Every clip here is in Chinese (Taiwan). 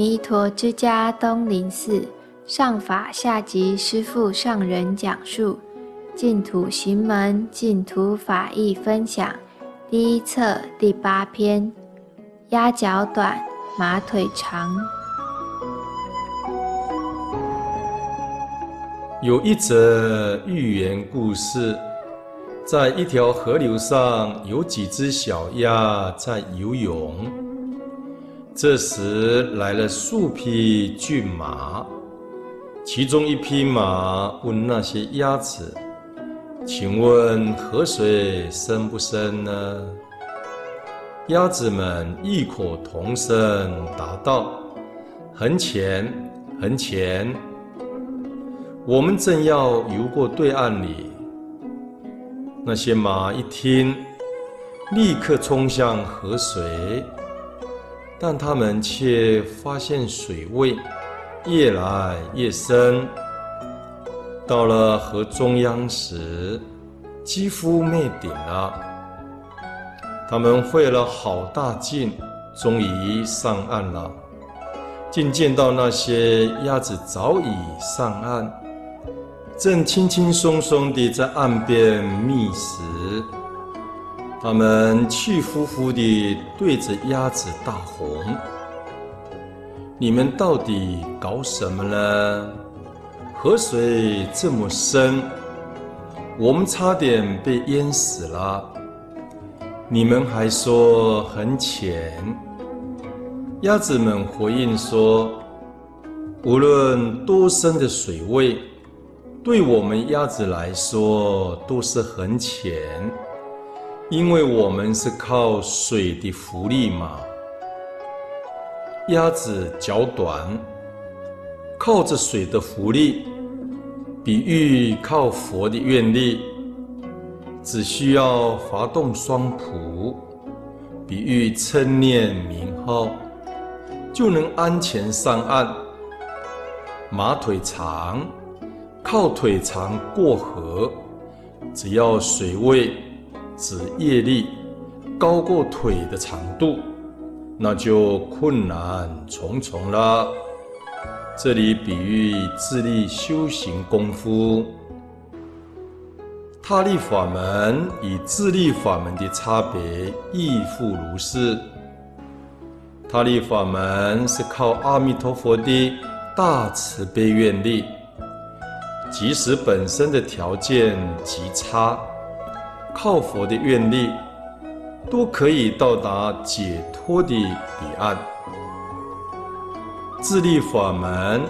彌陀之家東林寺上法下寂師父上人講述淨土行門淨土法義分享第一冊第八篇：鴨腳短，馬腿長。有一則寓言故事，在一條河流上有幾隻小鴨在游泳。這時來了數匹駿馬，其中一匹馬問那些鴨子：“請問河水深不深呢？”鴨子們異口同聲答道：“很淺，很淺。”我們正要游過對岸哩，那些馬一聽，立刻衝向河水。但他們卻發現水位越來越深，到了河中央時，幾乎沒頂了。他們費了好大勁，終於上岸了，竟見到那些鴨子早已上岸，正輕輕鬆鬆地在岸邊覓食。他們氣呼呼地對着鴨子大吼：“你們到底搞什麼呢？河水這麼深，我們差點被淹死了。你們還說很淺？”鴨子們回應說：“無論多深的水位，對我們鴨子來說都是很淺。”因為我們是靠水的浮力嘛，鴨子腳短，靠着水的浮力，比喻靠佛的願力，只需要滑動雙蹼，比喻稱念名號，就能安全上岸。馬腿長，靠腿長過河，只要水位，指業力高過腿的長度，那就困難重重了。這裡比喻自力修行功夫，他力法門與自力法門的差別亦復如是。他力法門是靠阿彌陀佛的大慈悲願力，即使本身的條件極差，靠佛的願力，都可以到達解脫的彼岸。自力法門，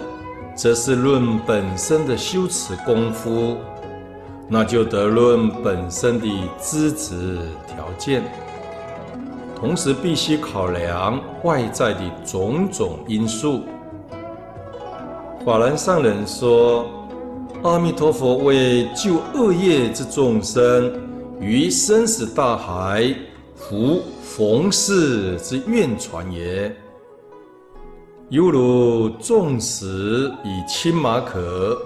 則是論本身的修持功夫，那就得論本身的資質條件，同時必須考量外在的種種因素。法然上人說：“阿彌陀佛為救惡業之眾生。”於生死大海，浮弘誓之願船也，猶如眾石與青馬可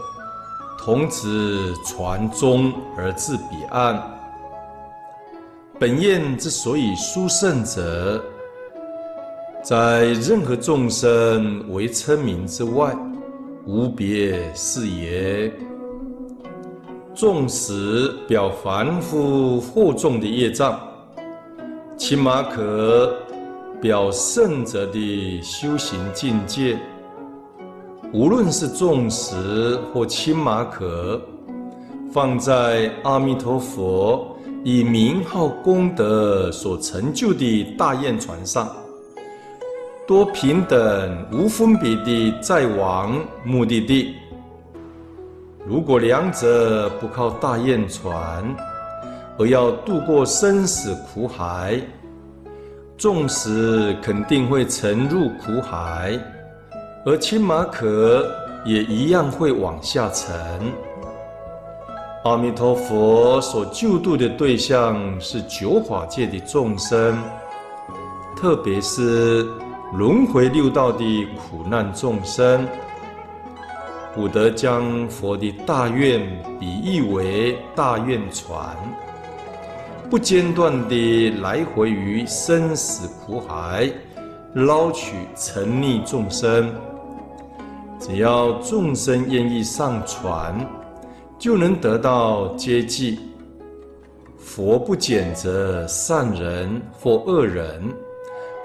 同持船中而至彼岸。本願之所以殊勝者，在任何眾生為稱名之外，無別事也。重石表凡夫負重的業障，青馬可表聖者的修行境界。無論是重石或輕馬可，放在阿彌陀佛以名號功德所成就的大願船上，多平等無分別的載往目的地。如果兩者不靠大願船，而要渡過生死苦海，重石肯定會沉入苦海，而輕麻殼也一樣會往下沉。阿彌陀佛所救度的對象是九法界的眾生，特別是輪迴六道的苦難眾生。古德將佛的大願比喻為大願船，不間斷地來回於生死苦海，撈取沉溺眾生。只要眾生願意上船，就能得到接濟。佛不揀擇善人或惡人，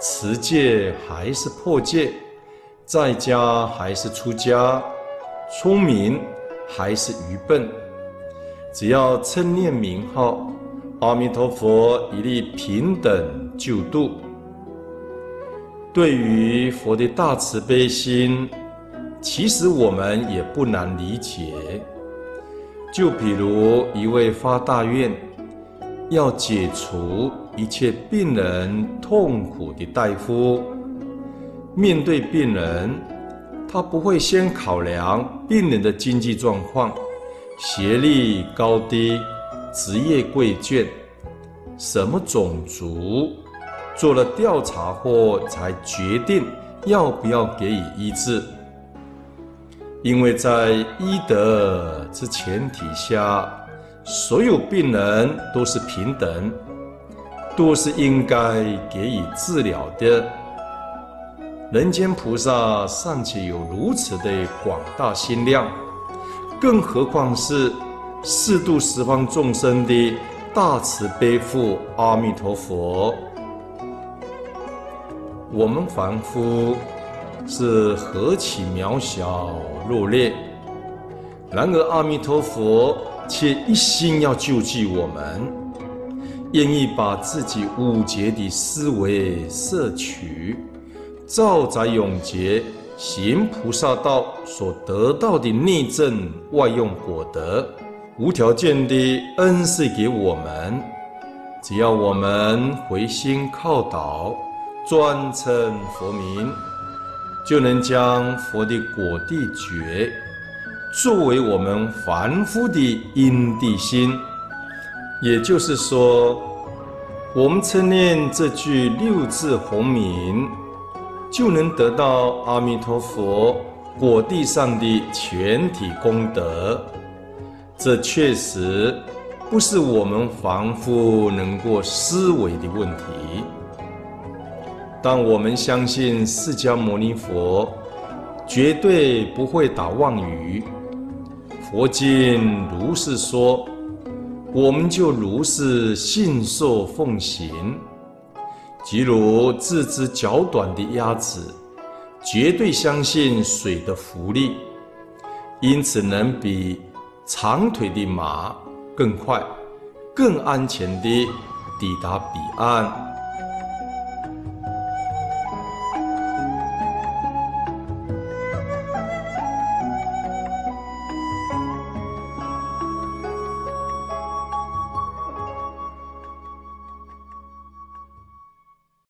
持戒還是破戒，在家還是出家。聰明還是愚笨，只要稱念名號“阿彌陀佛”，一律平等救度。對於佛的大慈悲心，其實我們也不難理解。就比如一位發大願，要解除一切病人痛苦的大夫，面對病人。他不會先考量病人的經濟狀況、學歷高低、職業貴賤、什麼種族，做了調查後才決定要不要給予醫治。因為在醫德之前提下，所有病人都是平等，都是應該給予治療的。人間菩薩尚且有如此的廣大心量，更何況是四度十方眾生的大慈悲父阿彌陀佛？我們凡夫是何其渺小弱劣！然而阿彌陀佛卻一心要救濟我們，願意把自己五劫的思維攝取。兆載永劫行菩薩道所得到的內證外用果德，無條件地恩賜給我們。只要我們回心靠倒，專稱佛名，就能將佛的果地覺作為我們凡夫的因地心。也就是說，我們稱念這句六字洪名。就能得到阿彌陀佛果地上的全體功德。這確實不是我們凡夫能夠思維的問題。但我們相信釋迦牟尼佛絕對不會打妄語，佛經如是說，我們就如是信受奉行。譬如，這隻腳短的鴨子，絕對相信水的浮力，因此能比長腿的馬更快、更安全地抵達彼岸。